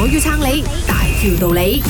我要撐你。條道理，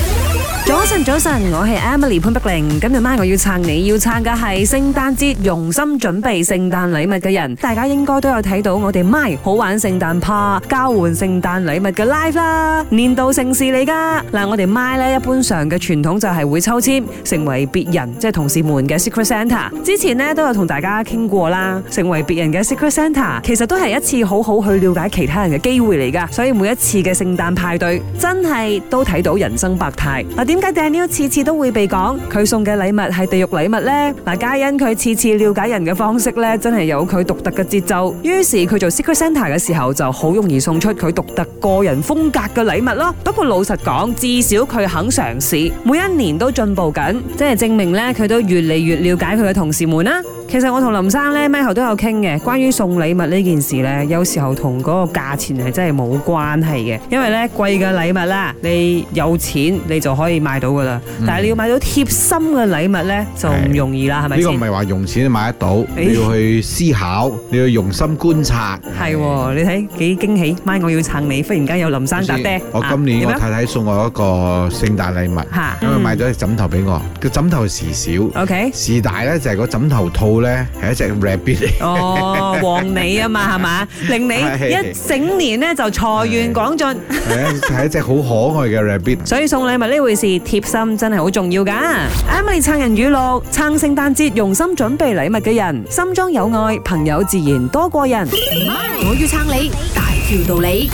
早晨早晨，我係 Emily 潘碧玲。今日 MY 我要撐你要撐嘅係聖誕節用心準備聖誕禮物嘅人。大家應該都有睇到我哋 MY 好玩聖誕趴交換聖誕禮物嘅 live 啦，年度盛事嚟噶。嗱，我哋 MY 咧一般上嘅傳統就係會抽籤成為別人即係同事們嘅 Secret Santa。之前咧都有同大家傾過啦，成為別人嘅 Secret Santa 其實都係一次好好去了解其他人嘅機會嚟噶。所以每一次嘅聖誕派對真係都提。睇到人生百態。嗱，點解 Daniel 次次都會被講佢送嘅禮物係地獄禮物呢？嗱，皆因佢次次了解人嘅方式咧，真係有佢獨特嘅節奏。於是佢做 secret center 嘅時候，就好容易送出佢獨特個人風格嘅禮物咯。不過老實講，至少佢肯嘗試，每一年都進步緊，即係證明咧，佢都越嚟越了解佢嘅同事們啦。其實我同林生咧，後都有傾嘅，關於送禮物呢件事咧，有時候同嗰個價錢係真係冇關係嘅，因為咧貴嘅禮物啦，你。有錢你就可以買到噶啦，但係你要買到貼心嘅禮物咧就唔容易啦，係咪先？呢個唔係話用錢買得到，你要去思考，你要用心觀察。係喎，你睇幾驚喜，MY 我要撐你，忽然間有林生搭爹。我今年我太太送我一個聖誕禮物，因為買咗隻枕頭俾我，個枕頭是小，OK，是大咧就係個枕頭套咧係一隻 rabbit。哦，旺你啊嘛係嘛，令你一整年咧就財源廣進。係啊，係一隻好可愛嘅 rabbit。所以送禮物呢回事，貼心真係好重要㗎。Emily 撐人語錄，撐聖誕節用心準備禮物嘅人，心中有愛，朋友自然多過人。哎、我要撐你，大條道理。